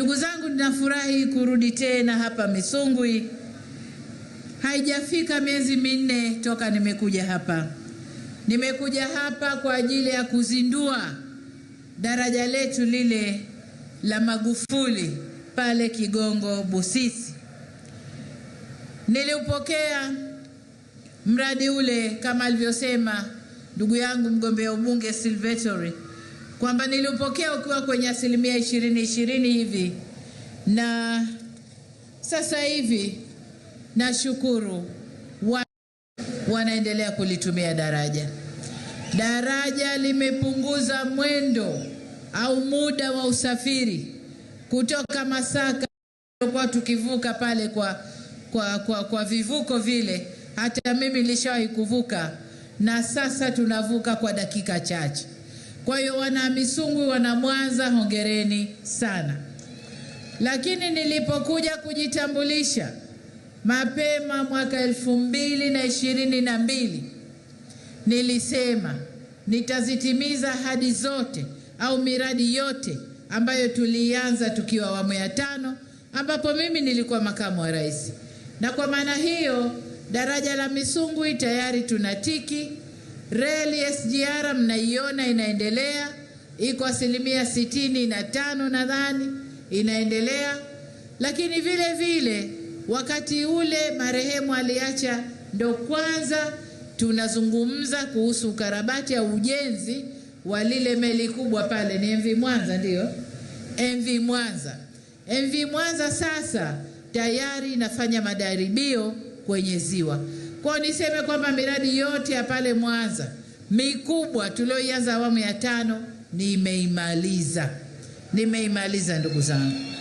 Ndugu zangu, ninafurahi kurudi tena hapa Misungwi. Haijafika miezi minne toka nimekuja hapa. Nimekuja hapa kwa ajili ya kuzindua daraja letu lile la Magufuli pale Kigongo Busisi. Niliupokea mradi ule kama alivyosema ndugu yangu mgombea ubunge Silvetori kwamba niliupokea ukiwa kwenye asilimia ishirini ishirini hivi, na sasa hivi nashukuru wa, wanaendelea kulitumia daraja. Daraja limepunguza mwendo au muda wa usafiri kutoka Masaka kwa tukivuka pale kwa, kwa, kwa, kwa vivuko vile, hata mimi nilishawahi kuvuka, na sasa tunavuka kwa dakika chache. Kwa hiyo wana Misungwi, wana Mwanza, hongereni sana. Lakini nilipokuja kujitambulisha mapema mwaka elfu mbili na ishirini na mbili nilisema nitazitimiza ahadi zote au miradi yote ambayo tulianza tukiwa awamu ya tano, ambapo mimi nilikuwa makamu wa rais, na kwa maana hiyo daraja la Misungwi tayari tunatiki. Reli SGR mnaiona inaendelea, iko asilimia sitini na tano nadhani inaendelea. Lakini vile vile wakati ule marehemu aliacha, ndo kwanza tunazungumza kuhusu ukarabati au ujenzi wa lile meli kubwa pale, ni MV Mwanza, ndiyo MV Mwanza. MV Mwanza sasa tayari inafanya madaribio kwenye ziwa. Kwa niseme kwamba miradi yote ya pale Mwanza mikubwa tulioianza awamu ya tano nimeimaliza, nimeimaliza ndugu zangu.